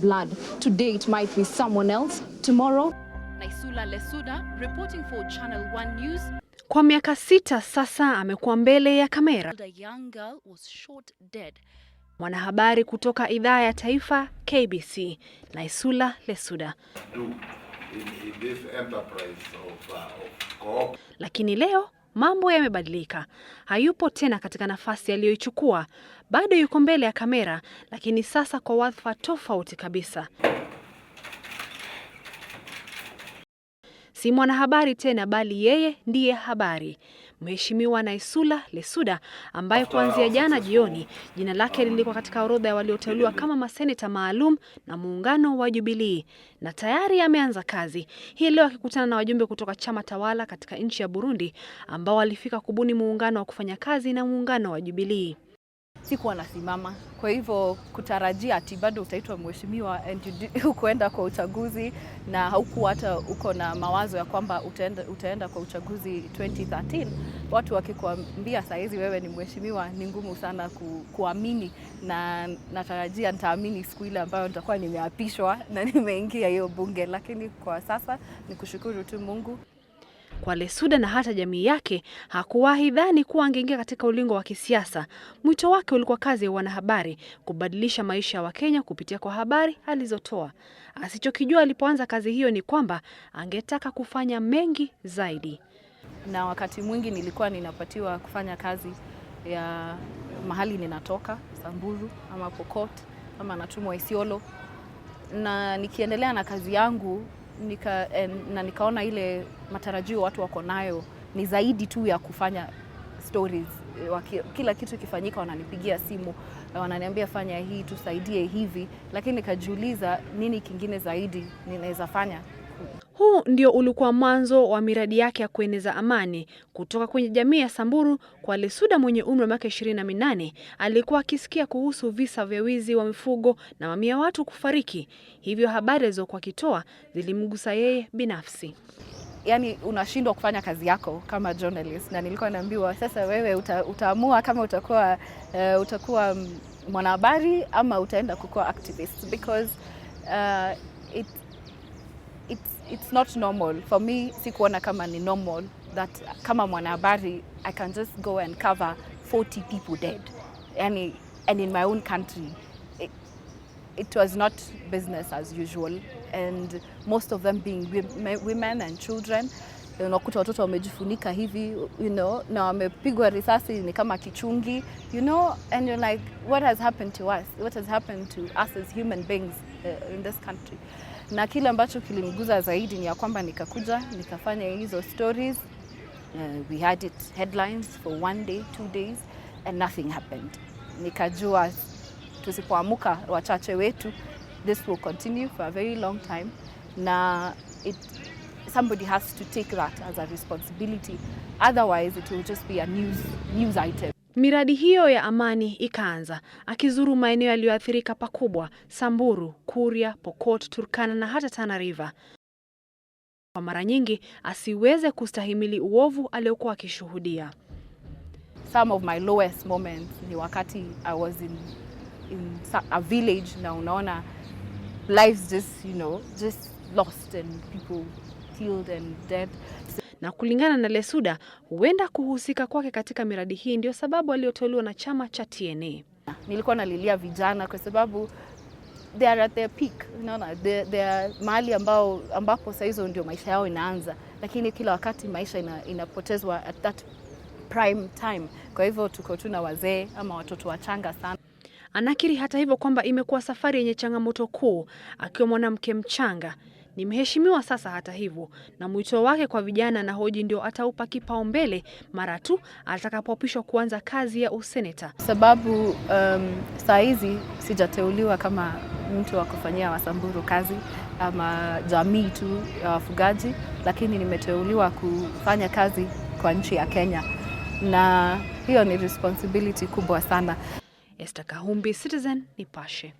blood. Today it might be someone else, tomorrow. Naisula Lesuda reporting for Channel 1 News. Kwa miaka sita sasa amekuwa mbele ya kamera. The young girl was shot dead. Mwanahabari kutoka idhaa ya taifa KBC, Naisula Lesuda. in, in this enterprise of, uh, of lakini leo Mambo yamebadilika, hayupo tena katika nafasi aliyoichukua. Bado yuko mbele ya kamera, lakini sasa kwa wadhifa tofauti kabisa. si mwanahabari tena, bali yeye ndiye habari. Mheshimiwa Naisula Lesuda ambaye kuanzia jana jioni jina lake lilikuwa katika orodha ya walioteuliwa kama maseneta maalum na muungano wa Jubilii na tayari ameanza kazi hii leo akikutana na wajumbe kutoka chama tawala katika nchi ya Burundi ambao walifika kubuni muungano wa kufanya kazi na muungano wa Jubilii sikuwa nasimama. Kwa hivyo kutarajia ati bado utaitwa mheshimiwa hukuenda kwa uchaguzi na hauku hata uko na mawazo ya kwamba utaenda, utaenda kwa uchaguzi 2013, watu wakikuambia sahizi wewe ni mheshimiwa, ni ngumu sana ku, kuamini, na natarajia nitaamini siku ile ambayo nitakuwa nimeapishwa na nimeingia hiyo bunge, lakini kwa sasa ni kushukuru tu Mungu. Kwa Lesuda na hata jamii yake, hakuwahi dhani kuwa angeingia katika ulingo wa kisiasa. Mwito wake ulikuwa kazi ya wanahabari, kubadilisha maisha ya Wakenya kupitia kwa habari alizotoa. Asichokijua alipoanza kazi hiyo ni kwamba angetaka kufanya mengi zaidi. Na wakati mwingi nilikuwa ninapatiwa kufanya kazi ya mahali ninatoka Samburu ama Pokot ama natumwa Isiolo, na nikiendelea na kazi yangu nika, na nikaona ile matarajio watu wako nayo ni zaidi tu ya kufanya stories eh, waki, kila kitu ikifanyika wananipigia simu wananiambia fanya hii, tusaidie hivi, lakini nikajiuliza nini kingine zaidi ninaweza fanya huu ndio ulikuwa mwanzo wa miradi yake ya kueneza amani kutoka kwenye jamii ya Samburu kwa Lesuda mwenye umri wa miaka ishirini na minane alikuwa akisikia kuhusu visa vya wizi wa mifugo na mamia watu kufariki, hivyo habari alizokuwa akitoa zilimgusa yeye binafsi. Yani, unashindwa kufanya kazi yako kama journalist, na nilikuwa naambiwa sasa, wewe uta, utaamua kama utakuwa uh, utakuwa mwanahabari ama utaenda kukuwa activist because uh, it it's, it's not normal for me, si kuona kama ni normal that kama mwanahabari I can just go and cover 40 people dead and, and in my own country it, it was not business as usual and most of them being women and children unakuta watoto wamejifunika hivi you know, na wamepigwa risasi ni kama kichungi you know, and you're like what has happened to us what has happened to us as human beings uh, in this country na kile ambacho kilimguza zaidi ni ya kwamba nikakuja nikafanya hizo stories. Uh, we had it headlines for one day two days and nothing happened. Nikajua tusipoamuka wachache wetu, this will continue for a very long time, na it somebody has to take that as a responsibility, otherwise it will just be a news news item. Miradi hiyo ya amani ikaanza. Akizuru maeneo yaliyoathirika pakubwa, Samburu, Kuria, Pokot, Turkana na hata Tana River, kwa mara nyingi asiweze kustahimili uovu aliokuwa akishuhudia. Some of my lowest moments ni wakati I was in, in a village na unaona lives just, you know, just lost and people killed and dead na kulingana na Lesuda, huenda kuhusika kwake katika miradi hii ndio sababu aliyotolewa na chama cha TNA. Nilikuwa nalilia vijana kwa sababu they are at their peak, unaona they, they are mahali ambao, ambapo saa hizo ndio maisha yao inaanza, lakini kila wakati maisha ina, inapotezwa at that prime time. Kwa hivyo tuko tu na wazee ama watoto wachanga sana. Anakiri hata hivyo kwamba imekuwa safari yenye changamoto kuu, akiwa mwanamke mchanga Nimeheshimiwa sasa hata hivyo, na mwito wake kwa vijana na hoji ndio ataupa kipaumbele mara tu atakapoapishwa kuanza kazi ya useneta, sababu um, saa hizi sijateuliwa kama mtu wa kufanyia Wasamburu kazi ama jamii tu ya wafugaji, lakini nimeteuliwa kufanya kazi kwa nchi ya Kenya, na hiyo ni responsibility kubwa sana. Esther Kahumbi, Citizen Nipashe.